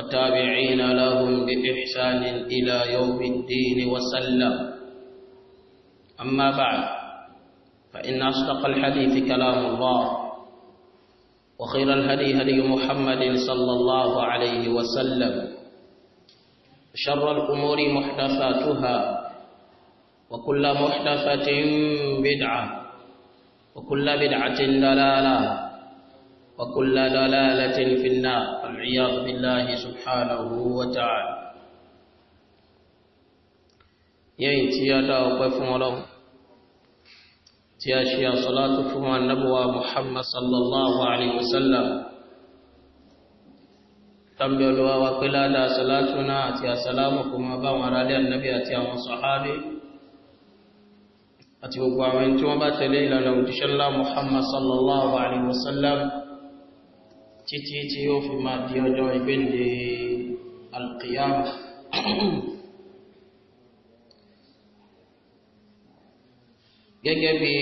والتابعين لهم بإحسان إلى يوم الدين وسلم أما بعد فإن أصدق الحديث كلام الله وخير الهدي هدي محمد صلى الله عليه وسلم شر الأمور محدثاتها وكل محدثة بدعة وكل بدعة دلالة وكل ضلالة في النار والعياذ بالله سبحانه وتعالى yẹ́yìn tí a dá ọpẹ́ fún ọlọ́run tí a ṣe àsọ́látò fún annabuwa muhammad sallallahu alaihi wasallam tambi olúwa wa pé ládá àsọ́látò náà àti àsọ́lámù kuma báwọn aráalé annabi àti àwọn sọ̀hábí àti gbogbo àwọn tí wọ́n bá tẹ̀lé ìlànà òjíṣẹ́lá muhammad sallallahu alaihi wasallam títí tí ó fi máa di ọjọ́ ìgbéǹde alkiyama gẹ́gẹ́ bí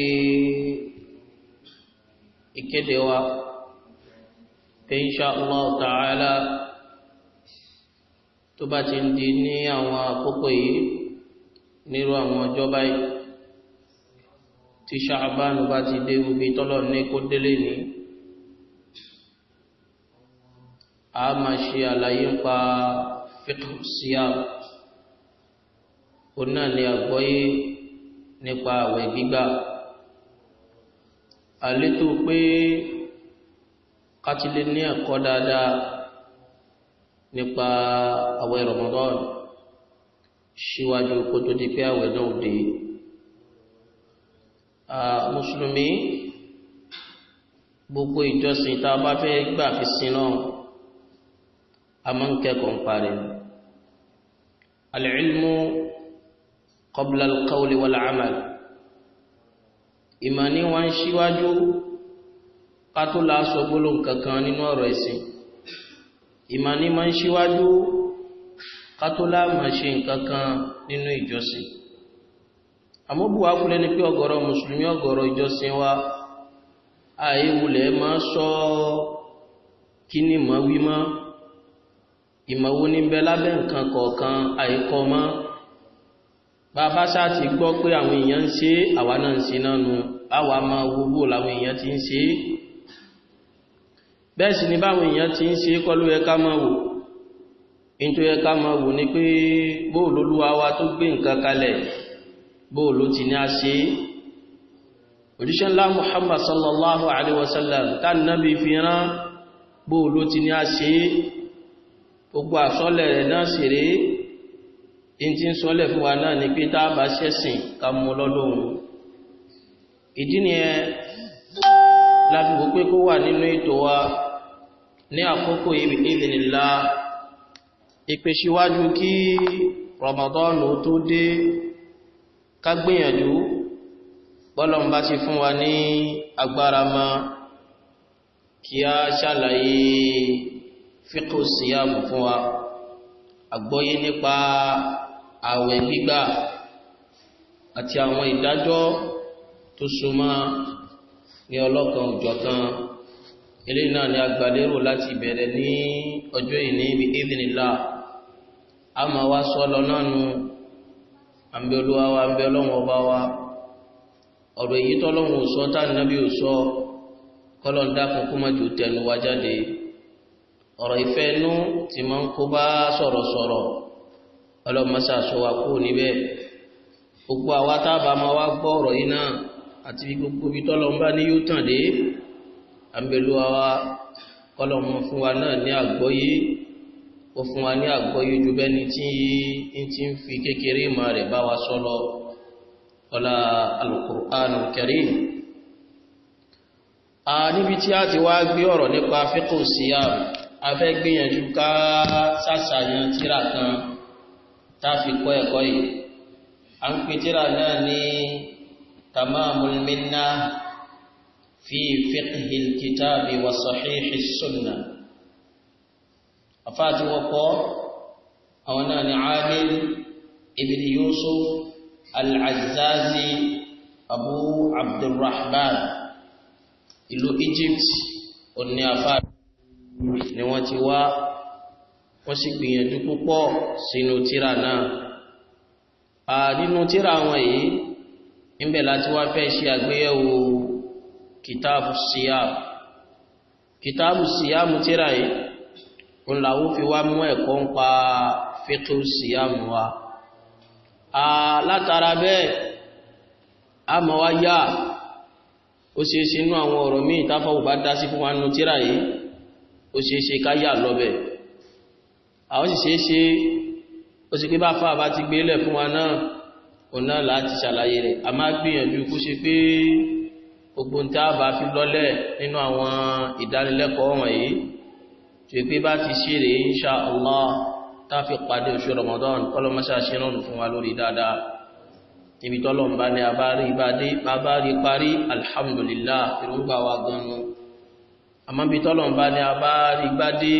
ìkéde wa pé insha Allah ta'ala tó bá ti ń di ní àwọn àkókò yìí nírú àwọn ọjọ́ báyìí tí ṣàbánu bá ti dé ibi tọ́lọ̀ ní kó délé nìí a máa ṣe àlàyé ń pa fiqh siyam òun náà ni àgbọ́yé nípa àwẹ̀ gbígbà àlétò pé kátìlé ní ẹ̀kọ́ dáadáa nípa àwẹ̀ Ramadan síwájú kó tó di pé àwẹ̀ náà dé mùsùlùmí gbogbo ìjọsìn tá bá fẹ́ gbà fi sin náà a máa ń kẹ́kọ̀ọ́ ń parí alìlmù qabla alqawli wal amal ìmọ̀ ni wọ́n ń ṣíwájú kátó la sọ gbólóhùn kankan nínú ọ̀rọ̀ ẹ̀sìn ìmọ̀ ni máa ń ṣíwájú kátó la máa ṣe nǹkan kan nínú ìjọsìn ni pé ọ̀gọ̀rọ̀ mùsùlùmí ọ̀gọ̀rọ̀ ìjọsìn wa àìwulẹ̀ máa sọ kí ni màá wí máa ìmọ̀wó ní bẹ lábẹ́ nǹkan kọ̀ọ̀kan àìkọ́ mọ́ bàbá sáàtì gbọ́ pé àwọn èèyàn ń ṣe àwa náà ń ṣe náà nu àwa máa gbogbo làwọn èèyàn ti ń ṣe bẹ́ẹ̀ sì ni báwọn èèyàn ti ń ṣe kọ́ ló yẹ ká máa wò in tó yẹ ká máa wò ni pé bóò lólúwa wa tó gbé nǹkan kalẹ̀ bóò ti ní a ṣe òjíṣẹ́ ńlá Muhammad sallallahu alaihi wasallam tá nábì fi rán bóò ti ní a ṣe gbogbo àsọ́lẹ̀ rẹ̀ náà sì rí in ti ń sọ́lẹ̀ fún wa náà ní pé tá a bá ṣẹ̀sìn lọ́lọ́run ìdí ni ẹ láti wò pé kó wà nínú ètò wa ní àkókò ìbìnilá ìpè kí Ramadan tó dé ká gbìyànjú bọ́lọ̀mbá ti fún wa ní agbára ma kí a ṣàlàyé fíkò síyàmù fún wa àgbọ́yé nípa ààwẹ̀ gbígbà àti àwọn ìdájọ́ tó súnmọ́ ní ọlọ́kan òjọ̀kan eléyìí náà ni agbàlérò láti bẹ̀rẹ̀ ní ọjọ́ ìní ibi ìdìnnìlá a wá wa ọlọ́run ọba wa ọ̀rọ̀ èyí tọ́lọ́run ò sọ eyi nábì ò sọ kọ́lọ́n tẹnu wa ọ̀rọ̀ ìfẹ́ inú ti máa ń kó bá sọ̀rọ̀sọ̀rọ̀ ọlọ́mọṣàṣọ wa kú níbẹ̀ gbogbo àwa tábà máa wá gbọ́ ọ̀rọ̀ yìí náà àti gbogbo ibi tọ́lọ́ ń bá ní yóò tàn dé àmẹ́lú àwa kọ́lọ́mọ fún wa náà ní àgbọ́yé ó fún wa ní àgbọ́yé ju bẹ́ni tí ń ti ń fi kékeré ìmọ̀ rẹ̀ bá wa sọ ọlá alukur'anu karim a níbi tí a ti wá gbé ọ̀rọ̀ nípa fíkù síyàmù a fẹ́ gbìyànjú ká sàṣàyàn tíra kan tá fi kọ́ ẹ̀kọ́ yìí a ń pè tíra náà ní tamamul minna fi fiqhil kitabi wa sahihi sunna afáàtí wọ́n kọ́ àwọn náà ni amil ibn yusuf al abu abdulrahman ìlú egypt òní afáàtí ni wọ́n ti wá wọ́n sì gbìyànjú púpọ̀ sínú tírà náà a nínú tírà wọn yìí níbẹ̀ láti wá fẹ́ ṣe àgbéyẹ̀wò kìtàbù síyàm kìtàbù síyàm tírà yìí òun làwọn fi wá mú ẹ̀kọ́ ń pa fẹ́tò síyàm wa a látara bẹ́ẹ̀ a mọ̀ wá yá ó ṣe sínú àwọn ọ̀rọ̀ míì táfọ̀ bá dá sí fún wa nínú tírà yìí ó ṣe é ṣe ká yà lọ́bẹ̀ àwọn sì ṣe é ṣe ó sì pé bá fà bá ti gbé lẹ̀ fún wa náà òun náà láti ṣàlàyé rẹ̀ a máa gbìyànjú kó ṣe pé gbogbo tá a bá fi lọ́lẹ̀ nínú àwọn ìdánilẹ́kọ̀ọ́ wọ̀nyí tó pé bá ti ṣe rèé insha Allah tá a fi pàdé oṣù Ramadan kọ́lọ́mọṣà ṣe rọrùn fún wa lórí dáadáa ibi tọ́lọ̀ ń bá ní abárí parí alhamdulillah ìrúgbà wa gan-an àmọ́bí tọ́lọ̀n bá ní abárí gbádé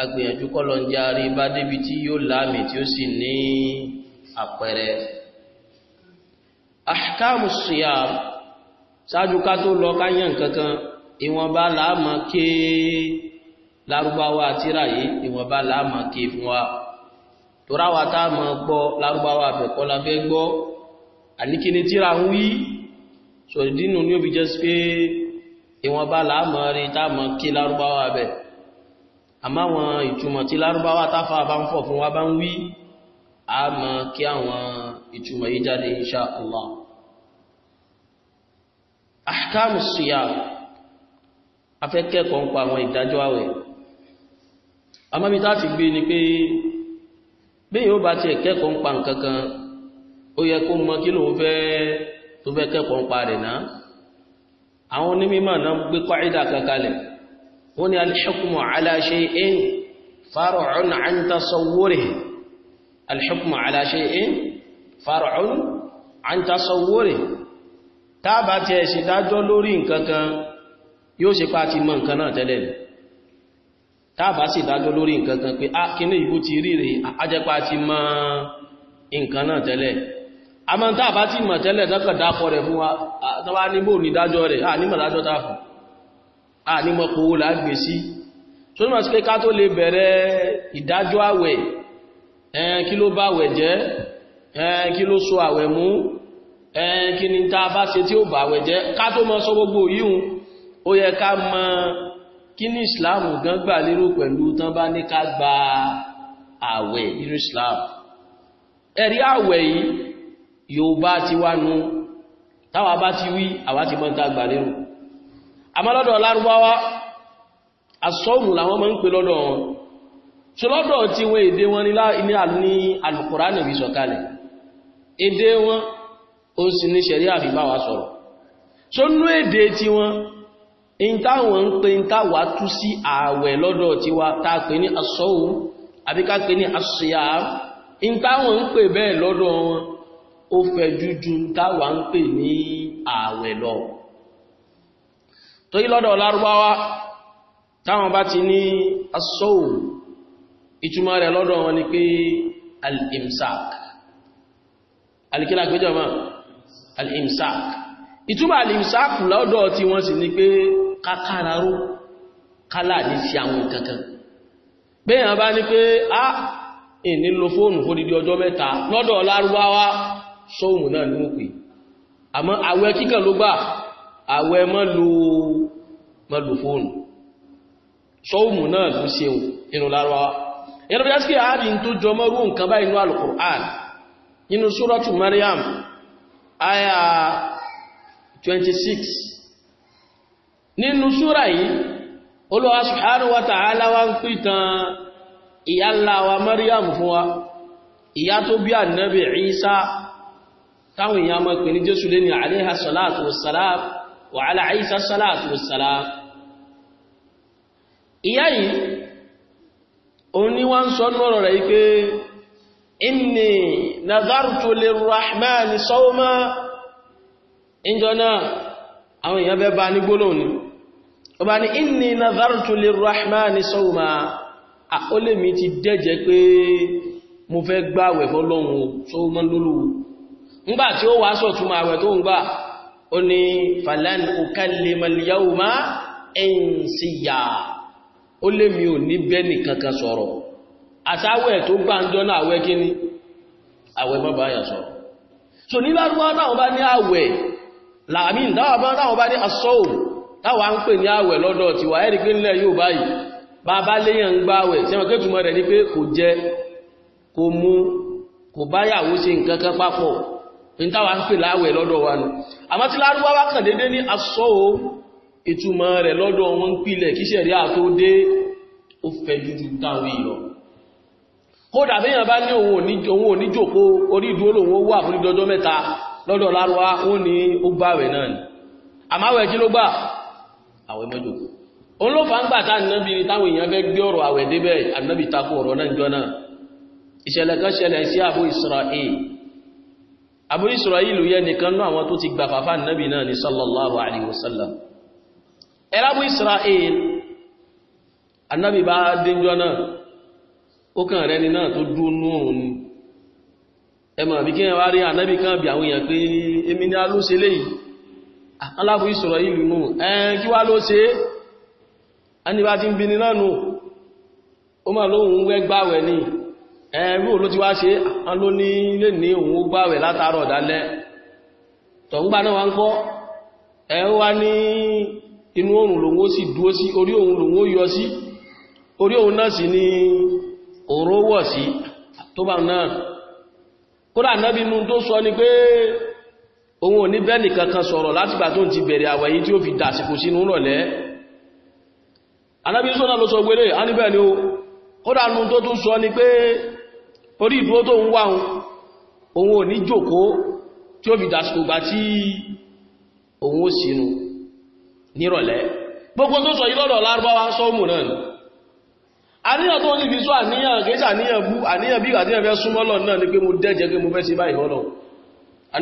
agbìyànjú kọ́lọ̀n jẹ́ àrí bá débi tí yóò láàmì tí ó sì ní àpẹẹrẹ ahkamu siyam ṣáájú ká tó lọ káyàn kankan ìwọ̀nba láàmà ké lárúbáwá tíra yìí ìwọ̀nba láàmà ké fún wa toráwà tá mọ̀ gbọ́ lárúbáwá àfẹ́kọ́ la fẹ́ gbọ́ àníkíní tíra ń wí sọ̀dínú ní òbí jẹ́ sí pé ìwọ̀nba làámọ̀ rí táàmọ̀ kí lárúbáwá bẹ̀ àmọ́ àwọn ìtumọ̀ tí lárúbáwá táfà bá ń fọ̀ fún wa bá ń wí a mọ̀ kí àwọn ìtumọ̀ yìí jáde insha Allah ahkamu siyam afẹ́kẹ́kọ̀ọ́ ń pa àwọn ìdájọ́ àwẹ̀ àmọ́bí táti gbé ni pé bí yóò tó fẹ́ kẹ́kọ̀ọ́ ń pa rẹ̀ náà àwọn onímọ̀ náà gbé kọ́ìdà kankalẹ̀ wọ́n ni alhukmu ala shay'in far'un an tasawwurihi alhukmu ala shay'in far'un an tasawwurihi tábà tí ẹ̀ ṣìdájọ́ lórí nkankan yóò ṣe pàtí mọ̀ nkan náà tẹ́lẹ̀ tábà sì dájọ́ lórí nkankan ah, pé a kí ní ti rí rẹ̀ ajẹ́pàá ti mọ̀ nkan náà tẹ́lẹ̀ àmọ́ntá àbá tí ìmọ̀ tẹ́lẹ̀ tọ́kàn dákọ̀ rẹ̀ fún wa tọ́wá níbò ní dájọ́ rẹ̀ à nímọ̀ dájọ́ tààfù à nímọ̀ kòwò lágbè sí tó nímọ̀ sí pé ká tó lè bẹ̀rẹ̀ ìdájọ́ àwẹ̀ kí ló bá àwẹ̀ jẹ́ kí ló so àwẹ̀ mú kí ni ta bá ṣe tí ó bá àwẹ̀ jẹ́ ká tó mọ sọ gbogbo yíhun ó yẹ ẹ̀rí àwẹ̀ yìí Yorùbá ti wá nú táwa bá ti wí àwa ti mọ́ta gbà lérò àmọ́lọ́dọ̀ lárúbáwá asọ́ọ̀mù làwọn máa ń pè lọ́dọ̀ wọn tí lọ́dọ̀ tí wọ́n èdè wọn ní alùkùránì bí sọ̀kalẹ̀ èdè wọn ó sì ní ṣẹ̀rí àfibáwà sọ̀rọ̀ tó nú èdè tí ń pè bẹ́ẹ̀ lọ́dọ̀ wọn ó fẹjú ju táwa ń pè ní ààwẹ̀ lọ torí lọ́dọ̀ lárúbáwá táwọn bá ti ní asọ́wò ìtumọ̀ rẹ̀ lọ́dọ̀ wọn ni pé al-imsak alikila gbẹjọ mọ́ al-imsak ìtumọ̀ al-imsak lọ́dọ̀ tí wọ́n sì ní pé kákàràrú kálà ní sí àwọn kankan bẹ́yàn bá ní pé a ah, ìnílò fóònù fódìdí ọjọ́ mẹ́ta lọ́dọ̀ sóòmù náà ní òpè àmọ́ àwẹ̀ kíkàn ló gbà àwẹ̀ má lò fóònù sóòmù náà ló ṣe inú lárọ́wá yẹ́rọ bí áskì àárí tó jọ mọ́rú nǹkan bá inú al inú suratu Maryam aya 26 nínú súra yìí Olúwa subhanahu wa ta'ala wá ń pìtàn ìyá ńlá wa Maryam fún wa ìyá tó bí Ànábì Ìsá táwọn èèyàn mọ́ pè ní jésù lé ní àléhà sọ́láàtù wàsàlám wà aláàíṣà sọ́láàtù wàsàlám ìyá yìí òun ni wọ́n sọ lọ́rọ̀ rẹ̀ pé inni nazartu lirrahman sawma injọ náà àwọn èèyàn bẹ bá ní gbólóhùn ni ó bá ní inni nazartu lirrahman sawma ó lè mi ti dẹ́jẹ́ pé mo fẹ́ gbáwẹ̀ fọ́lọ́hun sọ́wọ́mọ́ lólùwò ńgbà tí ó wá sọ̀túnmà àwẹ̀ tó ń gbà ó ní falan ukallima al-yawma insiya ó lé mi ò ní kankan sọ̀rọ̀ àtàwẹ̀ tó gbà ń jọ́nà àwẹ̀ kíní àwẹ̀ má yà sọ̀rọ̀ so ní bá ní táwọn bá ní asọ́ọ̀ ní tiwa ní kò ìntàwà ń pè láwẹ̀ lọ́dọ̀ wa nù àmá tí lárúbáwá kàn dédé ní asọ́ o ìtumọ̀ rẹ̀ lọ́dọ̀ wọn ń pìlẹ̀ kí sẹ̀rí àtó dé ó fẹ́ jújú táwọn ìlọ kódà ni àmáwẹ̀ kí ló gbà àwẹ̀ mẹ́jòkó òun ló fà ń gbà tá ànábì ni táwọn èèyàn fẹ́ gbé ọ̀rọ̀ àwẹ̀ débẹ̀ ànábì takò ọ̀rọ̀ náà jọ náà ìṣẹ̀lẹ̀ kan ṣẹlẹ̀ sí àbó Israel abu isra'ilu yẹ nìkan náà àwọn tó ti gbà fàfà nàbì náà ni sallallahu alaihi wasallam ẹ̀rọ abu isra'il annabi bá dínjọ náà ó kàn rẹni náà tó dúnú òun ẹmọ̀ àbí kí wá rí annabi kan bí àwọn èèyàn pé èmi ni a ló ṣe léyìí alábu isra'ilu náà ẹ̀rú ló ti wá ṣe án ló ní ilé ní òun ó gbáwẹ̀ látàárọ̀ dálẹ́ tọ̀ǹgbà náà wá ń kọ́ ẹ wá ní inú oòrùn lòun ó dúó sí orí òun lòun yọ sí orí náà sí kódà sọ ni pé òun ò ní kankan sọ̀rọ̀ tó ti bẹ̀rẹ̀ àwẹ̀ yìí tí fi sínú rọ̀lẹ́ sọ níbẹ̀ kódà nù sọ ni pé orí ìdúró tó ń wá òun ò ní jòkó tí ó fi dásìkò gbà tí òun ó sínú nírọ̀lẹ́ gbogbo tó sọ ìlọ́dọ̀ lárúbáwá sọ́ọ̀mù náà ni àníyàn tó ní fi sọ àníyàn bú àníyàn bí àníyàn fẹ́ súnmọ́ náà mo dẹ́jẹ́ pé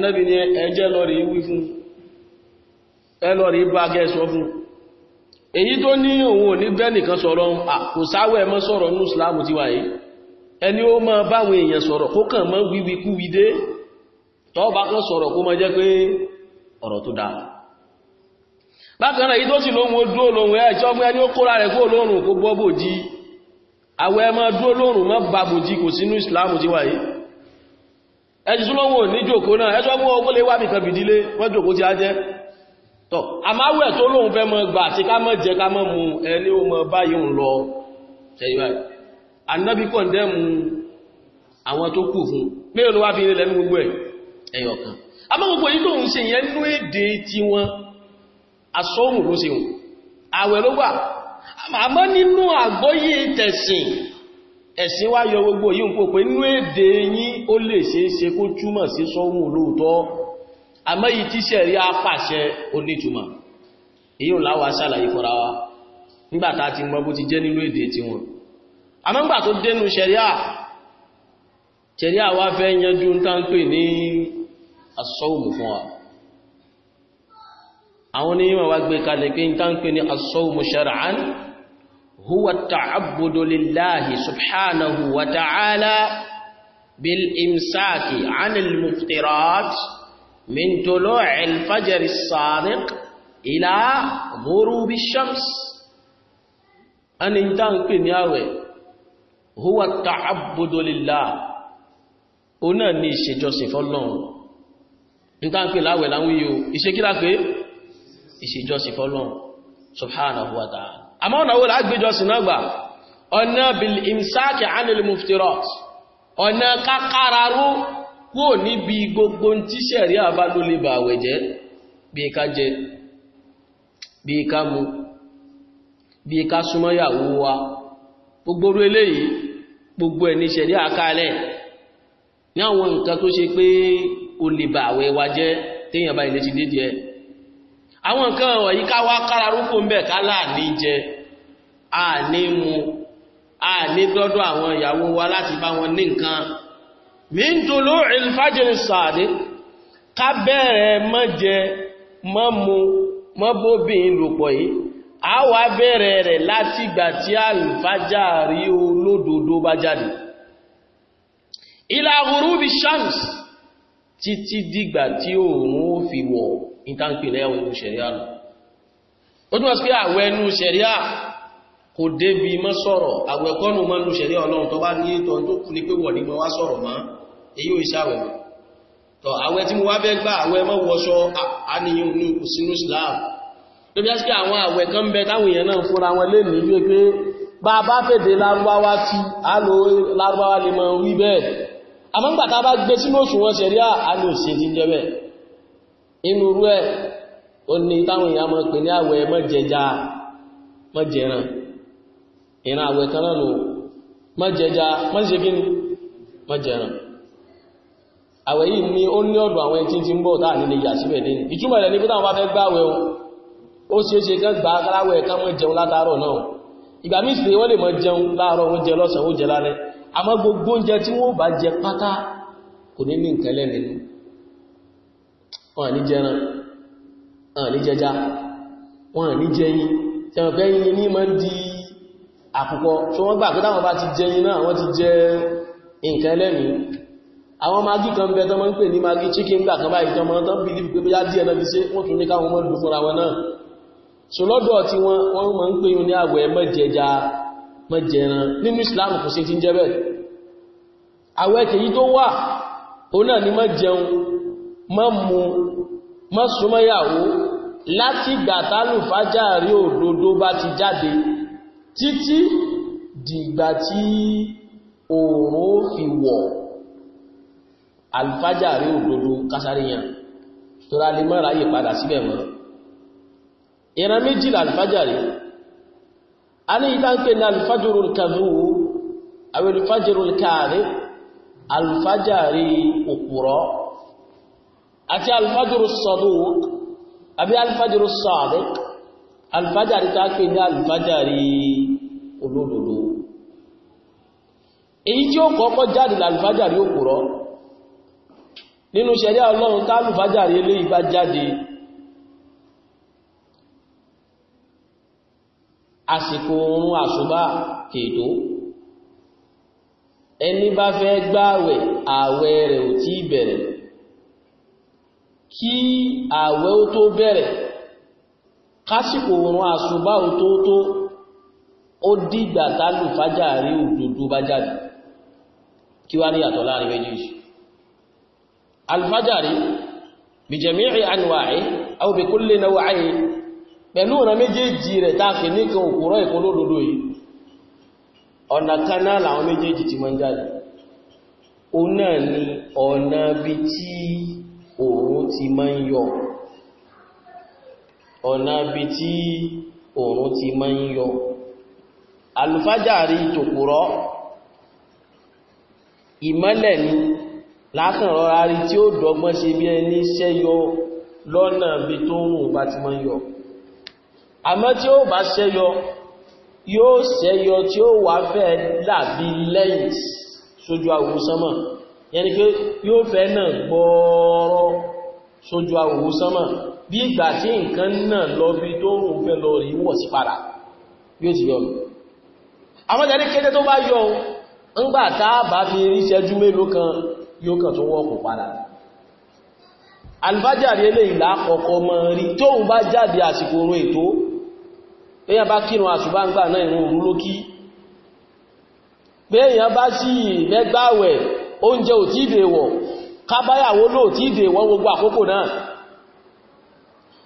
fẹ́ ni lọ rí wí fún ẹ lọ rí fún èyí tó ní ti ẹni ó máa báwọn èèyàn sọ̀rọ̀ kó kàn mọ́ wíwí kú wídé tó bá kàn sọ̀rọ̀ kó máa jẹ́ pé ọ̀rọ̀ tó dáa bákan náà ìtó sì lóhun ó dúó lóhun ẹ̀ ṣọ́gbẹ́ ẹni ó kóra rẹ̀ kó lóhun kó gbọ́ bòjí àwẹ̀ ẹ máa dúó lóhun mọ́ bá bòjí kò sínú ìsìláàmù ti wáyé ẹjì tún lóhun ò ní jòkó náà ẹjọ́ mú ọgbọ́n lè wá bìkan bìdílé wọ́n jòkó ti á tọ́ àmáwẹ̀ tó lóhun fẹ́ mọ́ gbà àti ká mọ́ jẹ ká mọ́ mu ẹni ó mọ́ báyìí ń lọ ṣẹ́yìn báyìí annabi kọ̀ndẹ́mù àwọn tó kù fún mẹ́rin ló wá fi ilẹ̀ gbogbo ẹ̀ ẹ̀yọ̀kan àmọ́ gbogbo èyí tó ń ṣe yẹn ní èdè tí wọ́n asọ́rùn ló ṣeun àwẹ̀ ló wà àmọ́ nínú àgbọ́yé tẹ̀sìn ẹ̀sìn wá yọ gbogbo yìí ń pòpé nínú èdè yín ó lè ṣe é ṣe kó túmọ̀ sí sọ́rùn lóòótọ́ àmọ́ yìí tíṣẹ̀ rí apàṣẹ onítùmọ̀ èyí ò láwàá ṣàlàyé fọ́ra wa nígbàtà ti mọ bó ti jẹ́ nínú èdè tí wọn àmọ́gbà tó dénú ṣẹ̀ríà ṣẹ̀ríà wá fẹ́ yanjú táńpè ní asọ́ọ̀mù fún wa àwọn onímọ̀ wá gbé kalẹ̀ ni pé táńpè ní asọ́ọ̀mù ṣar'an huwa ta'abbudu lillahi subhanahu wa ta'ala bil imsaki 'anil muftirat min tulu'il fajr as-sadiq ila ghurubi ash-shams an táńpè ní àwẹ̀ huwa ta'abbudu lillah òun náà ní ìṣèjọsìn fọ́lọ́run nígbà ń pè láwẹ̀ láwọn yìí o ìṣe kí lápé ìṣèjọsìn fọ́lọ́run subhanahu wa ta'ala àmọ́ ọ̀nà wo lágbèjọsìn náà gbà ọ̀nà bil imsaki anil muftirat ọ̀nà kákàràrú kúò níbi gbogbo tí sẹ̀rí àbá ló lè bà àwẹ̀ jẹ́ bí ká jẹ bí mu bí ká súnmọ́ yàwó wa gbogbo orú eléyìí gbogbo ẹ̀ ní ṣẹ̀rí àkálẹ̀ ní àwọn nǹkan tó ṣe pé o lè bà àwẹ̀ wa jẹ́ téèyàn bá ilé ti dédé ẹ̀ àwọn nǹkan wọ̀nyí ká wá kára rúkò ń bẹ̀ ká láàní jẹ àní mu àní dọ́dọ̀ àwọn ìyàwó wa láti bá wọn ní nǹkan min tulu al-fajr as ká bẹ̀rẹ̀ mọ́ jẹ mọ́ mu mọ́ bóbìn lòpọ̀ yìí a wá bẹ̀rẹ̀ rẹ̀ láti ìgbà tí alfajari olódodo bá jáde ila ghurubi shams títí dìgbà tí òun ó fi wọ̀ ìtànkìlẹ̀ ẹ̀wọ̀n ṣẹ̀ríà lọ ó túnmọ̀ sí pé àwẹ̀ ẹnu ṣẹ̀ríà kò débi mọ́ sọ̀rọ̀ àwẹ̀ kọ́nù mọ́ nù ṣẹ̀ríà ọlọ́run tó bá ní ètò tó kú ní pé wọ̀ tó bí á sí pé àwọn àwẹ̀ kan bẹ táwọn èèyàn náà fúnra wọn lè ní bí bá bá fèdè lárúbáwá tí a lò lárúbáwá lè mọ̀ wí bẹ́ẹ̀ àmọ́gbàtà bá gbé sínú a lè ṣe ti jẹ́ bẹ́ẹ̀ inú rú ẹ̀ ó ní àwẹ̀ yìí ní ó ní ọ̀dọ̀ àwọn ẹtí ti ń bọ̀ táà nílé yà síbẹ̀ ní bá fẹ́ gbáwẹ̀ ó ṣe é ṣe kán gbà káláwẹ̀ kán mọ́ jẹun látàárọ̀ náà ìgbà míì sì wọ́n lè mọ́ jẹun láàárọ̀ wọ́n jẹ lọ́sàn wọ́n jẹ lálẹ́ àmọ́ gbogbo oúnjẹ tí wọ́n bá jẹ pátá kò ní ní nǹkan lẹ́nu wọn ní jẹran wọn ní jẹja wọn ní jẹyin tẹ̀wọ̀n pé yìnyín ní mọ́ kan bẹ tán ń pè ní magi chicken gbà kan báyìí tán tán bí i pé bí á díẹ̀ náà fi wọ́n tún ní káwọn mọ́ lù fúnra wọn náà so lọ́dọ̀ tí wọ́n wọ́n ma ń pè yíò ní àwẹ̀ mọ́jẹja mọ́jẹran nínú Islam kò sí ti ń jẹ́ bẹ́ẹ̀ àwẹ̀ tèyí tó wà ó náà ni má jẹun má mu má súnmọ́yàwó láti gbàtálù fájáàrí òdodo bá ti jáde títí dìgbà tí òòrùn fi wọ̀ alfájáàrí òdodo kásáríyàn tó rálé mọ́ra yìí padà síbẹ̀ mọ́ ìran méjìlá alfajari a ní ìtànkè ní alfajirul kadhubu àwọn alfajirul kadhib alfajari òpùrọ́ àti alfajirul saduq àbí alfajirul sadiq alfajari tàkè ní alfajari olódodo èyí tí ó kọ́kọ́ jáde alfajari òpùrọ́ nínú ṣẹ̀ríà Ọlọ́run tá alfajari eléyìí bá jáde àsìkò oorun àṣùbà kètò ẹni bá fẹ́ gbààwẹ̀ ààwẹ̀ rẹ̀ ò tí bẹ̀rẹ̀ kí ààwẹ̀ ó tó bẹ̀rẹ̀ kásìkò oorun àṣùbà ó tó tó ó dìgbà tálù fájà rí òdòdó bá jáde kí wá ní àtọ̀ láàrin méjèèjì alfájà rí bìjẹ̀mí ànúwàáyé aw bi kulli naw'ayn pẹ̀lú ọ̀nà méjèèjì rẹ̀ tààfì ní kan òkúrọ̀ ìkólódodo yìí ọ̀nà kaná làwọn méjèèjì ti wọ́n jáde o náà ni ọ̀nà bí tí òòrùn ti máa ń yọ ọ̀nà bí tí òòrùn ti máa ń yọ alùfájàrí tòkúrọ̀ ìmọ́lẹ̀ ni lásán rọra rí tí ó dọ́gbọ́n ṣe bí ẹni ṣẹ́yọ lọ́nà bí tó ń bá ti máa ń yọ àmọ́ tí ó bá ṣẹyọ yóò ṣẹyọ tí ó wà fẹ́ dàbí lẹ́yìn sójú àwòsánmọ̀ yẹni pé yóò fẹ́ náà gbọ́ọ̀rọ̀ sójú àwòsánmọ̀ bí ìgbà tí nǹkan náà lọ bí tó rùn fẹ́ lọ rí wọ̀ sí padà yóò ti yọ lọ àmọ́ jẹ́ ní kéde tó bá yọ ńgbà táà bá fi rí mélòó kan yóò kàn tó wọ́pù padà alìbájáde eléyìí lákọ̀ọ́kọ́ mọ́ rí tóun bá jáde àsìkò orun ètò èyàn bá kírun àṣùbá ń gbà náà ìrun òru ló kí bẹ́yàn bá sí mẹ́gbàwẹ̀ oúnjẹ ò tí ìdèwọ̀ kábáyàwó ló tí ìdèwọ̀ gbogbo àkókò náà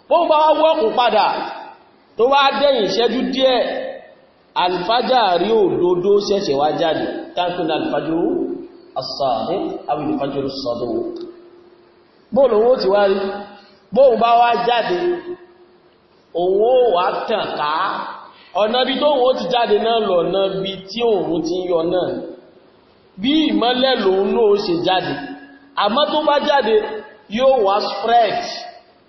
bóun wá wọ́kùn padà tó wá dẹ́yìn ìṣẹ́jú díẹ̀ alifájà rí òdodo ṣẹ̀ṣẹ̀ wá jáde tánkùn alifájò as òun ó wà tàn ká ọ̀nà bí tó wọ́n ti jáde náà lọ náà bí tí òun ti yọ náà bí ìmọ́lẹ̀ lòun náà ó ṣe jáde àmọ́ tó bá jáde yóò wá spread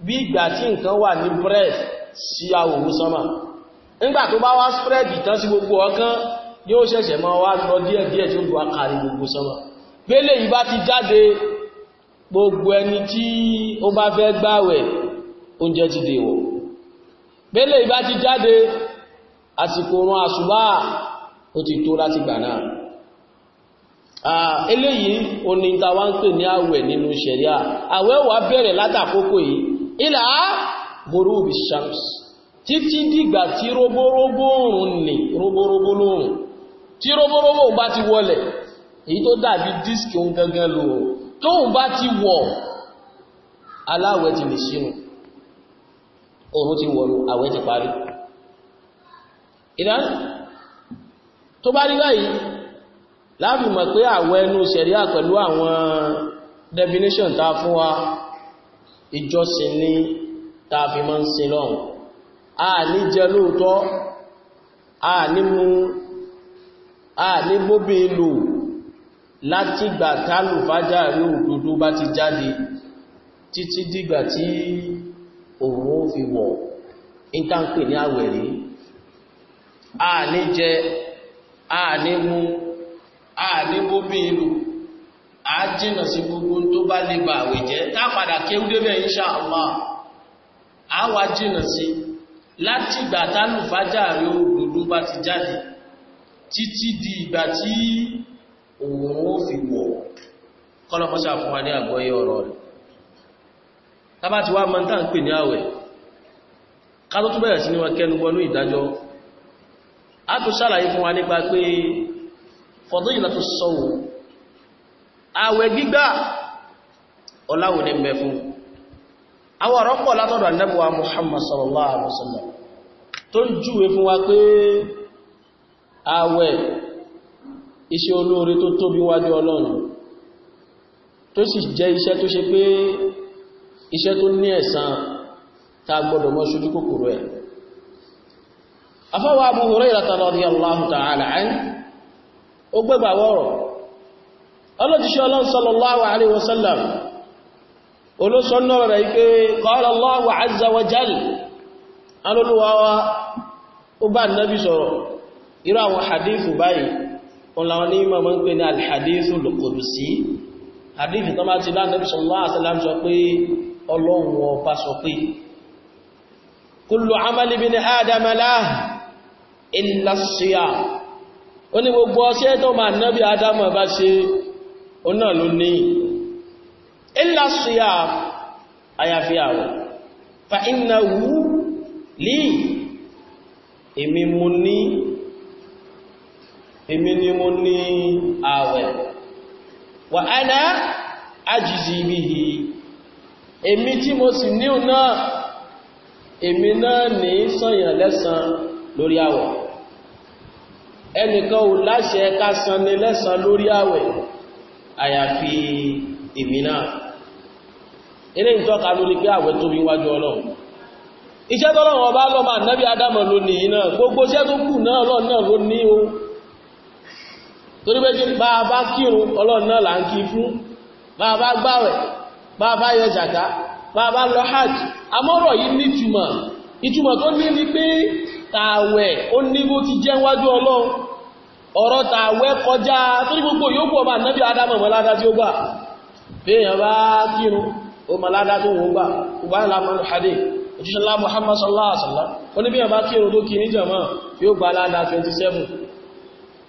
bí ìgbà tí nǹkan wà ní breath sí àwòrán sánmà nígbà tó bá wá spread ìtàn sí gbogbo ọkàn yóò ṣẹ̀ṣẹ̀ máa wá lọ díẹ̀díẹ̀ tí ó gbà kárí gbogbo sánmà gbélé yìí bá ti jáde gbogbo ẹni tí ó bá fẹ́ gbàwẹ̀ oúnjẹ ti dèwọ̀ bẹ́lẹ̀ ìbá ti jáde àsìkò ran àṣùbá ó ti tó láti gbà náà eléyìí oní tàwa ń pè ní àwẹ̀ nínú ṣẹ̀ríà àwẹ̀ wà bẹ̀rẹ̀ látàkókò yìí ilà ghurubi shams títí dìgbà tí roborobo òrùn ní roborobo lóòrùn tí roborobo bá oòrùn ti wọ̀lú àwẹ̀ ti parí ìdá tó bá rí báyìí láàbì mọ̀ pé àwẹ̀ ẹnu ṣẹ̀ríà pẹ̀lú àwọn definition ta fún wa ìjọsìn ní ta fi mọ́ ń sin lọ́hùn a ní jẹ lóòtọ́ a ní mú a ní gbóbi lò látìgbà tálùfájà lóòdúdú bá ti jáde títí dìgbà tí òun ó fi wọ̀ ìtànkì ní àwẹ̀rí a ní jẹ a ní a ní bó bí ìlú a jìnà sí gbogbo tó bá lè bà àwẹ̀ jẹ́ tápadà kéúdé bẹ́ insha Allah a wá jìnà sí láti ìgbà tálùfájà rí òdòdó bá ti jáde títí di ìgbà tí òun ó fi wọ̀ kọ́lọ́mọ́sà fún wa ní àgbọ́yé ọ̀rọ̀ rẹ̀ tàbá ti wá mọ́ tàà ń pè ní àwẹ̀ ká tó tún bẹ̀rẹ̀ sí ní wọn kẹnu wọnú ìdájọ́ a tó ṣàlàyé fún wa nípa pé fadilatu sawm àwẹ̀ gbígbà ọláwò ní mẹ́ fún àwọn ọ̀rọ̀pọ̀ látọ̀dọ̀ annabuwa Muhammad sallallahu alaihi wasallam tó ń júwe fún wa pé àwẹ̀ iṣẹ́ olóore tó tóbi wájú tó sì jẹ́ iṣẹ́ tó ṣe pé iṣẹ́ tó ní ẹ̀san tá gbọ́dọ̀ mọ́ ṣojú kòkòrò ẹ̀ afọ́wà Abu Hurairah radiyallahu ta'ala anhu ó gbẹ́gbà wọ́rọ̀ ọlọ́tíṣẹ́ Ọlọ́hun sallallahu alaihi wasallam olóṣọ́nà rẹ̀ ike qala Allahu azza wa jalla alóluwawa ó bá nábi sọ̀rọ̀ irú àwọn hadithu báyìí ọlọ́wọ́n ní ìmọ̀ ń pè ní alhadithu al-qudsi hadithu tó má ti dá nábi sallallahu alaihi sọ pé ọlọ́run ọba sọ pé kullu amali bin adama lahu illa as-siyam ó ní gbogbo ọṣẹ́ tó ma nábi adama bá ṣe ó náà ló ní illa as-siyam àyàfi àwẹ̀ fa èmi mo ní èmi ni mo ní àwẹ̀ wa ana ajzi bihi èmi tí mo sì níhùn náà èmi náà ní sànyàn lẹ́san lórí àwẹ̀ ẹnìkan ò láṣẹ ká san ni lẹ́san lórí àwẹ̀ àyàfi èmi náà ilé ìtọ́ka lórí pé àwẹ̀ tóbi wájú ọlọ́run iṣẹ́ tọ́lọ́run ọba lọ́mọ ànábì Ádámù ló ní yìí náà tó kù náà ọlọ́run náà ló bá a bá kírun bá bá yọ zàká bá bá lọ hajj amọ́rọ̀ yìí ní ìtumọ̀ ìtumọ̀ tó ní ní pé tààwẹ̀ ó ní bó ti jẹ́ wájú ọlọ́run ọ̀rọ̀ tààwẹ̀ kọjá tó ní gbogbo yóò bá nábì adámọ̀ mọ́ládá tí ó gbà béèyàn bá kírun ó mọ́ládá tó wọ́n gbà ọgbà lámọ́lù hadé òjíṣẹ́lá Muhammad sallallahu alaihi wasallam ó ní bí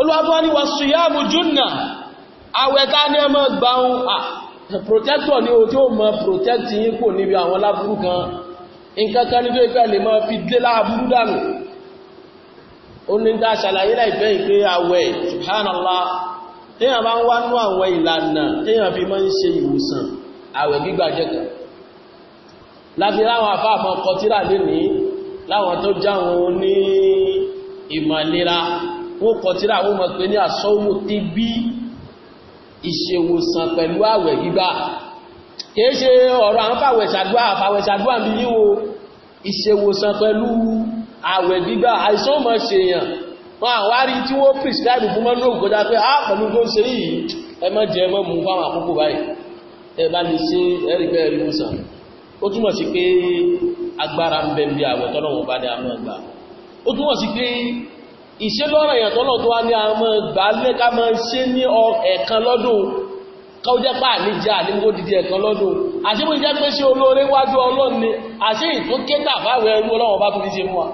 olúwàtọ́ ni wà ṣùyàmù júnà àwẹ̀ta ní ẹmọ gbáhùn à protector ni o tí ó mọ protect yín kò níbi àwọn lábúrú kan nkankan ní tó ìfẹ́ lè mọ́ fi dé láàbúrú dànù ó ní dá ṣàlàyé láìpẹ́ ìpé àwẹ̀ subhanallah téèyàn bá ń wá nú àwọn ìlànà téèyàn fi máa ń ṣe ìwòsàn àwẹ̀ gbígbà jẹ́kàn láti láwọn àfáàmọ́ kọtíra lénìí ìmọ̀lera wọ́n kọ tíra wọ́n mọ̀ pé ní àsọ́wò tí bí ìṣèwòsàn pẹ̀lú àwẹ̀ gbígbà kìí ṣe ọ̀rọ̀ àwọn fàwẹ̀ṣàdúà fàwẹ̀ṣàdúà bí níwò ìṣèwòsàn pẹ̀lú àwẹ̀ gbígbà àìsàn mọ̀ ṣèyàn wọn àwárí tí wọ́n prescribe fún mọ́ lóògùn kọjá pé á ah, pẹ̀lú tó ṣe ó túmọ̀ sí pé ìṣẹ́lọ́rọ̀ èèyàn tọ́lọ̀ tó wá ní àwọn gbàálẹ́ ká máa ṣe ní ẹ̀kan lọ́dún káwó jẹ́ pà ní jẹ́ àdínkò dìde ẹ̀kan lọ́dún àṣé bó jẹ́ pé ṣe olóore wájú ọlọ́run ni àṣé ìtó kéta fáwọn ẹrú ọlọ́run bá tún ní ṣe mú wa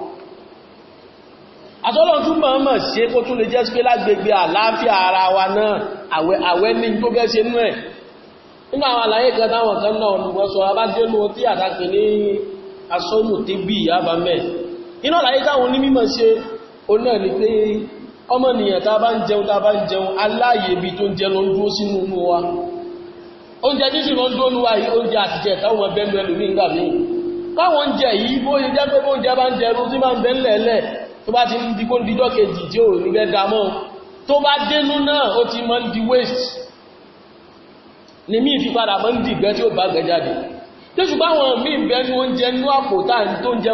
àtọ́lọ́run tún máa mọ̀ ṣe kó tún lè jẹ́ pé lágbègbè àlàáfíà ara wa náà àwẹ́ ó náà ni pé ọmọnìyàn tá bá ń jẹun tá bá ń jẹun aláàyè ibi tó ń jẹ ló ń dúró sínú inú wa oúnjẹ tí sì lọ ń dúró níwá yìí oúnjẹ àtijẹ táwọn ẹbẹ́ ń lẹ́nu ní ìgbà míì káwọn ń jẹrú tí di waste ni míì fi padà máa ń di ìgbẹ́ tí ó bá gbẹ jáde tí ṣùgbọ́n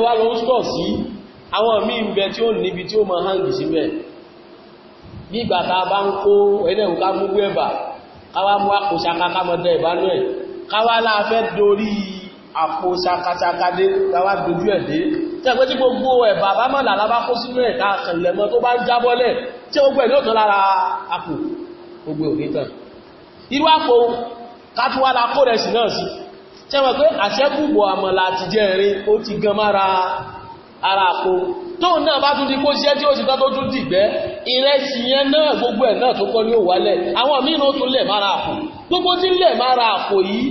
àwọn àwọn míì ń bẹ tí ó níbi tí ó máa hàn gìí síbẹ̀ bí ìgbà ta bá ń kó ẹlẹ́hùn ká gbogbo ẹ̀bà káwá mú àpò ṣakaka mọ́dẹ ìbánú ẹ̀ káwá láàfẹ́ dorí àpò ṣakaṣakadé káwá dojú ẹ̀dẹ́ tí ẹgbẹ́ tí gbogbo ẹ̀bà la kó rẹ̀ sí náà sí tẹ́wọ̀n ara àpò tóun náà bá tún di kó ṣiṣẹ́ tí ó ti tán tó tún dìgbẹ́ ìrẹsì yẹn náà gbogbo ẹ̀ náà tó kọ́ ní òwálẹ̀ àwọn míì náà tún lẹ̀ mára àpò gbogbo tí ń lẹ̀ mára àpò yìí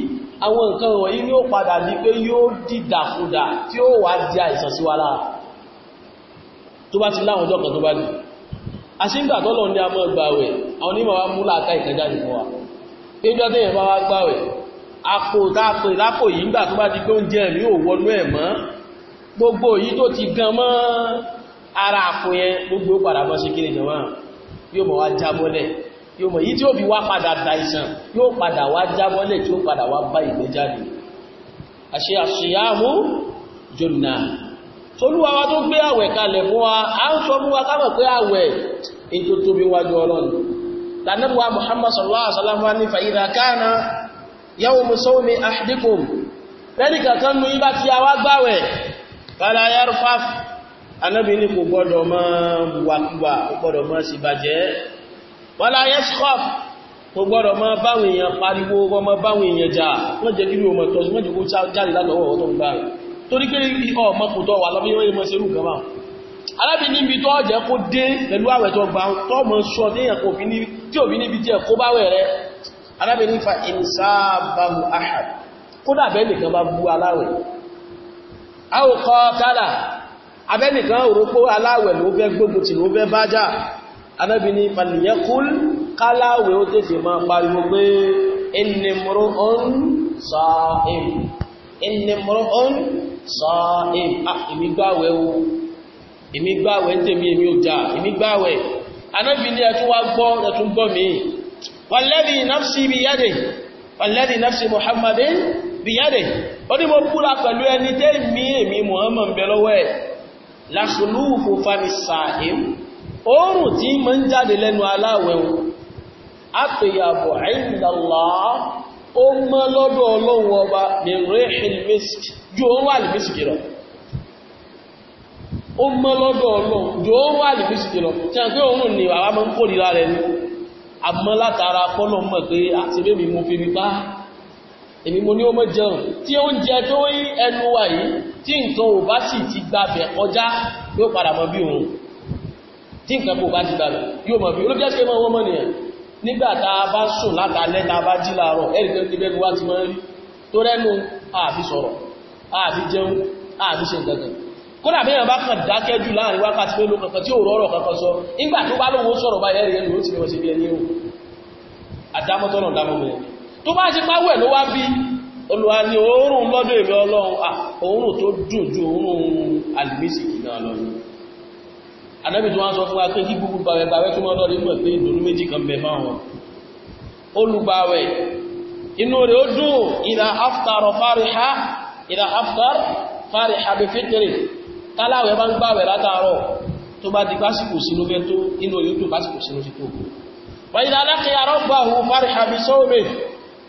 àwọn nǹkan wọ̀nyí ni ó padà di pé yóò dìdàkudà tí ó wà di àìsàn sí wa lára tó bá ti láwọn ọjọ́ kan tó bá dì àṣíńgbà tọ́lọ̀ ní a máa gbààwẹ̀ àwọn onímọ̀ wa mú láàká ìtẹ́jáde fún wa péjọ́ tí èèyàn bá wá gbààwẹ̀ àpò dápè gbogbo yìí tó ti gan mọ́ ara àfún yẹn gbogbo padà mọ́ sí kí ni jọmọ́ yóò mọ̀ wá jábọ́lẹ̀ yóò mọ̀ yìí tí ó fi wá padà da ìsàn yóò padà wá jábọ́lẹ̀ tí ó padà wá bá ìgbé jáde àṣẹ àṣìyàmú jùnà tolúwa wa tó gbé àwẹ̀ kalẹ̀ fún wa a ń sọ fún wa ká mọ̀ pé àwẹ̀ ètò tóbi wájú ọlọ́run lànàbíwá Muhammad sallallahu alaihi wasallam ní fàyíra káàna yawmu sawmi ahdikum lẹ́nìkàkan nù ibá a wá fala yarfaf anábi ní kò gbọ́dọ̀ mọ́ wàkúwà kò gbọ́dọ̀ mọ́ sí bàjẹ́ wala yashkhaf kò gbọ́dọ̀ mọ́ báwọn èèyàn pariwo ọmọ báwọn èèyàn jà wọ́n jẹ́ kírí ọmọ tọ́sí mọ́jẹ́ kó jáde látọwọ́ ọ̀tọ́ ń gbà rẹ̀ torí kí ọmọ kò tọ́ wà lọ́bí wọ́n mọ́ serú kan báwọn alábi níbi tó ọjẹ́ kó dé pẹ̀lú àwẹ̀ tó gbà tó mọ́ sọ déyàn kò fi nìkan bá bú aláwẹ̀ àwòkọ́ tálà abẹ́nìkan òrópó aláwẹ̀ ló fẹ́ gbógun tì ló fẹ́ bájá anábi ni paliyakul káláwẹ̀ ó tètè máa pariwo pé ẹnìmọ̀rọ̀ ọ́n sọ́ọ̀m ẹnìmọ̀rọ̀ ọ́n sọ́ọ̀m ah, èmi gbàwẹ̀ o èmi gbàwẹ̀ tèmi èmi ò bìyàdẹ̀ ó ní mo búra pẹ̀lú ẹni tẹ́ mi èmi Muhammad bẹ lọ́wọ́ ẹ̀ lásùlúùfò fanisàáhìm oòrùn tí mọ́ ń jáde lẹ́nu aláwẹ̀un àpèyàbò àìdàlá ó mọ́ lọ́dọ̀ ọlọ́run ọba ní rehel misk ju oòrùn àlìmisk lọ ó mọ́ lọ́dọ̀ ọlọ́run ju oòrùn àlìmisk lọ tí a pé àmọ́ látara pọ́lọ́ pé àti bébì mo fi mi bá èmi mo ní ó mọ́ jẹun tí oúnjẹ tó rí ẹnu wa yìí tí nǹkan ò bá sì ti gbàbẹ̀ kọjá yóò padà mọ́ bí òun tí nǹkan kò bá ti gbàbẹ̀ yóò mọ́ bí olóbi ẹsẹ̀ mọ́ wọ́n mọ́ nìyẹn nígbà tá a bá sùn látàlẹ́ tá a bá jí láàárọ̀ ẹ̀rì tó ti bẹ́ẹ̀ wá ti mọ́ rí tó rẹ́nu àfi sọ̀rọ̀ àfi jẹun àdámọ́tọ́nà dámọ́ mẹ́rin tó bá ṣe máwẹ̀ ló wá bí olùwà ni òórùn lọ́dọ̀ èmi ọlọ́run òórùn tó dùn ju òórùn alìmísìkì náà lọ ní anábì tó wọ́n sọ fún wa pé kí gbogbo bàwẹ̀ bàwẹ̀ tó mọ́ lọ́dọ̀ ìmọ̀ pé ìdùnnú méjì kan bẹ fáwọn olùbàwẹ̀ inú rẹ̀ ó dùn ìlà aftar fariha ìlà aftar fariha bí fitri táláwẹ̀ bá ń gbàwẹ̀ látàárọ̀ tó bá di pásìkò sínú fẹ́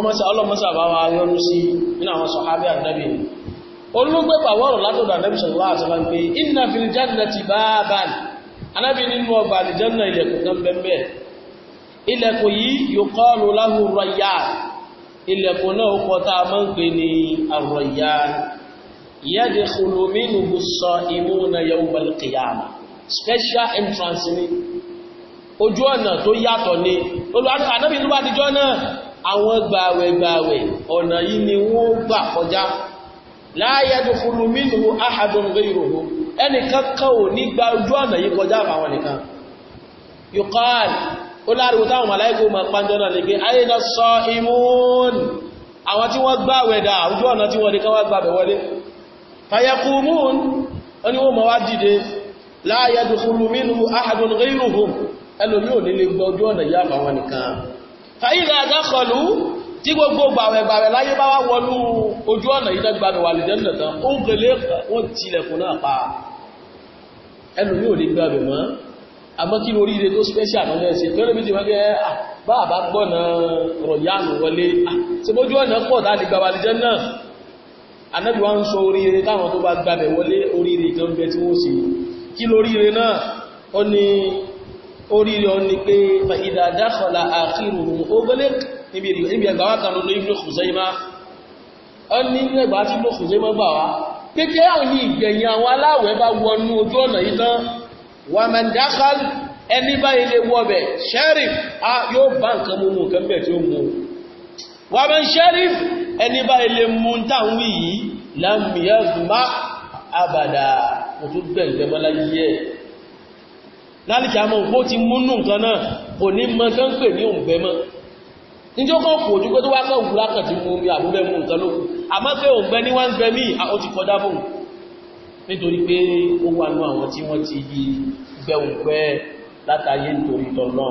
ọlọ́mọsà bá wa yọ́nú sí nínú àwọn sọ̀hábí ànábì olùgbé pàwọ́rọ̀ látọ̀dọ̀ ànábì sọ̀rọ̀ àtàlá ń pé inna fil jannati baban ànábì nínú ọgbà àlìjánà ilẹ̀kùn kan bẹ́ẹ̀ ilẹ̀kùn yìí yuqalu lahu Rayyan ilẹ̀kùn náà kọ́ tá a máa ń pè ní Ar-Rayyan yadkhulu minhu as-sa'imuna yawm al-qiyamah special entrance ni ojú ọ̀nà tó yàtọ̀ ni olùwàtà ànábì ló bá dijọ́ náà àwọn gbàwẹ̀gbàwẹ̀ ọ̀nà yìí ni wọ́n gbà kọjá láyẹ́dù fúrú mínú áhàdùn ghayruhu ẹnìkan kan ò ní gba ojú ọ̀nà yìí kọjá àwọn nìkan yuqal ó láàrùn táwọn màláìkò ma pàndọ́nà lè gbé ayéna sọ imún àwọn tí wọ́n gbàwẹ̀dà fàílẹ̀ àdákọlù tí gbogbo gbàwẹ̀gbàwẹ̀ láyé bá wá wọnú ojú ọ̀nà ìdẹ́gbàmì wà lè dẹ́nu nìkan ó ń gbélé wọ́n tilẹ̀kùn náà pa ẹnu mi ò special náà lẹ́sẹ̀ lórí mi ti wọ́n gẹ́ bá àbá gbọ́nà rọ̀yánù wọlé ṣe mójú ọ̀nà pọ̀ láti gbàwà lè jẹ́ náà anábì wọ́n ń sọ oríire táwọn tó bá gbàbẹ̀ wọlé oríire kan bẹ tí wọ́n ṣe kí lórí náà ó ní oríire ọ ni pé fàídà dákọ̀lá àkírùn ogolé níbi ẹgbàwà kan lọ ibùdó kùzẹ́má ọ ní ẹgbà tí ibùdó kùzẹ́má bà wá kékeré àwọn ní ìgbẹ̀yìn àwọn aláwẹ̀ bá wọnú ojú ọ̀nà yìí tán wà mẹ́ dákọ̀l ẹni bá ilé wọbẹ̀ sheriff a yóò bá nǹkan mú nǹkan lálìkì àmọ́ òpó ti múnú nǹkan náà kò ní mọ́ tán pè ní òǹgbẹ́ mọ́ níjọ́ kan kò ojú pé tó wá kọ́ òwúrá kan ti mú omi àbúgbẹ́ mú nǹkan lókù àmọ́ pé òǹgbẹ́ ní wá ń gbẹ mí ó ti kọjá bò nítorí pé ó wà nú àwọn tí wọ́n ti yí gbẹ òǹgbẹ́ látàyé nítorí tọ̀nà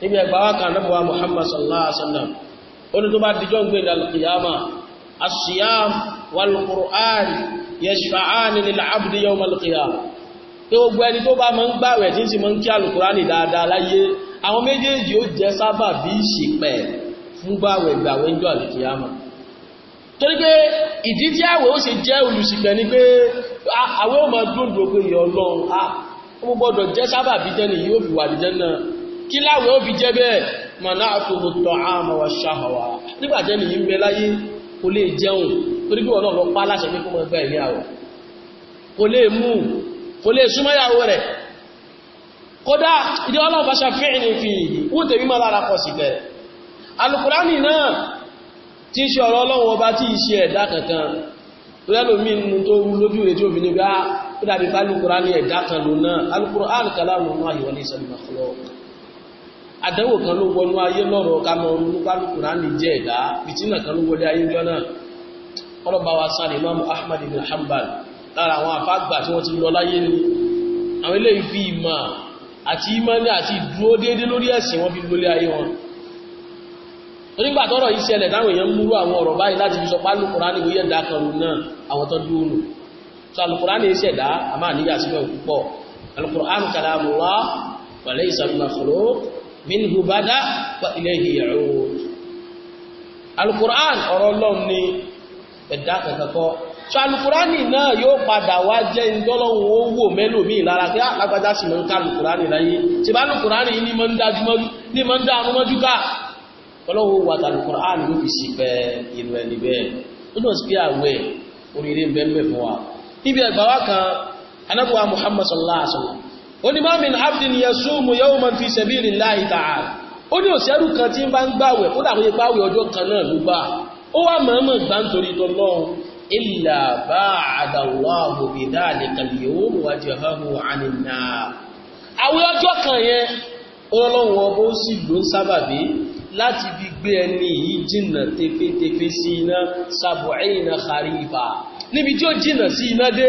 níbi ẹgbàwá kan náà wà muhammad sallallahu alaihi wasallam ó ní tó bá dijọ́ gbé ní alkiyama asiyam wal qur'an yashfa'an lil abdi yawm al qiyama pé gbogbo ẹni tó bá máa ń gbàwẹ̀ tí ń sì máa ń kí alukurani dáadáa láyé àwọn méjèèjì ó jẹ́ sábà bí ìṣìpẹ̀ fún gbàwẹ̀ gbàwẹ̀ ńjọ́ alkiyama torí pé ìdí tí àwẹ̀ ó sì jẹ́ olùṣìpẹ̀ ni pé àwẹ̀ ó máa dúndùn pé ìyọ́ ọlọ́run a ó gbọ́dọ̀ jẹ́ sábà bí jẹ́ni yóò fi wà ní jẹ́ náà kí láwọn ó fi jẹ́ bẹ́ẹ̀ mana àfihàn tọ́ àmà wa ṣàhàwà nígbàtẹ́ ni yìí ń bẹ láyé kò lè jẹun torí bí ọ̀nà ọ̀pá aláṣẹ ní kó mọ́ ẹgbẹ́ ìní àwọ̀ kò lè mú kò lè súnmọ́yàwó rẹ̀ kódà ìdí ọlọ́run bá ṣàfihàn fi wọ́n tẹ̀mí máa lára pọ̀ sí bẹ̀rẹ̀ alukurani náà tí ṣe ọ̀rọ̀ ọlọ́run ọba tí ṣe ẹ̀dá ah, kan lò náà alukurani kalamu náà yíwọ́n ní ìṣẹ́lú àdánwò kan ló wọnú ayé lọ́rọ̀ ká mọ olúkálùkù rá ní jẹ́ ẹ̀dá fìtínà kan ló wọlé ayé jọ náà ọlọ́ba wa sáré imam ahmad ibn hanbal lára àwọn àfágbà tí wọ́n ti lọ láyé ni àwọn ilé ìfi ìmọ̀ àti ìmọ̀ni àti ìdúró déédé lórí ẹ̀sìn wọn fi lólé ayé wọn onígbà tọ́rọ̀ yìí ṣẹlẹ̀ táwọn èèyàn múrú àwọn ọ̀rọ̀ báyìí láti fi sọ pálù kùránì wíyẹ̀ dá kan lù náà minhu bada wa ilayhi ya'ud alukur'an ọ̀rọ̀ ọlọ́run ni ẹ̀dá kankan kọ́ so alukur'ani náà yóò padà wá jẹ́ ìdọ́lọ́run ó wò mẹ́lòmíì lára kí alágbádá ah, sì máa ń ká alukur'ani láyé ṣe bá alukur'ani ní máa ń dájú mọ́jú ní máa ń dá àrùn mọ́jú ká ọlọ́run wà talukur'ani ló fi sí bẹ́ẹ̀ ìlú ẹni bẹ́ẹ̀ ó dùn sí pé àwẹ̀ oríire ń bẹ́ẹ̀ mẹ́fọ́ wa níbi ẹgbàá wa kan anábùwà muhammad sallallahu alaihi wa sallam ó ní ma min abdin yasumu yawman fi sabilillahi ta'ala ó ní òṣèrú kan tí ń bá ń gbàwẹ̀ ó dàbí gbàwẹ̀ ọjọ́ kan náà ló gbà ó wà mọ̀ọ́mọ̀ gbà ń torí tọ́lọ́run illa ba'ada Allahu bi dhalika al-yawm wajhahu 'anil nar àwọn ọjọ́ kan yẹn ọlọ́run ọba ó sì ló ń níbi tí ó jìnnà sí iná dé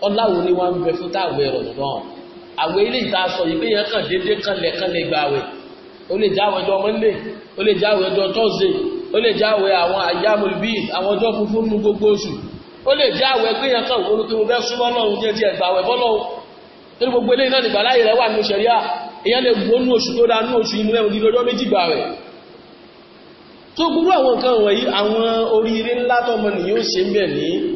ọláwo ni wọ́n ń bẹ fún táwẹ̀ rọ̀dọ̀dọ̀n àwẹ̀ ilé ìta sọ yìí pé yẹn kàn déédé kanlẹ̀ kanlẹ̀ gba àwẹ̀ ó lè jáwẹ̀ ọjọ́ mọ́lẹ̀ ó lè jáwẹ̀ ọjọ́ tọ́sẹ̀ ó lè jáwẹ̀ àwọn àyàmùlbí àwọn ọjọ́ funfun nínú gbogbo oṣù ó lè jáwẹ̀ pé yẹn kàn wọ́n tó bẹ́ súnmọ́ lọ́run jẹ́ ti ẹ̀gbàwẹ̀ bọ́lọ́run nínú gbogbo eléyìí náà nígbà láyé rẹ̀ wà nínú ṣẹ̀ríà èyàn lè gbó nú oṣù tó dá nú oṣù inú ẹ̀rùn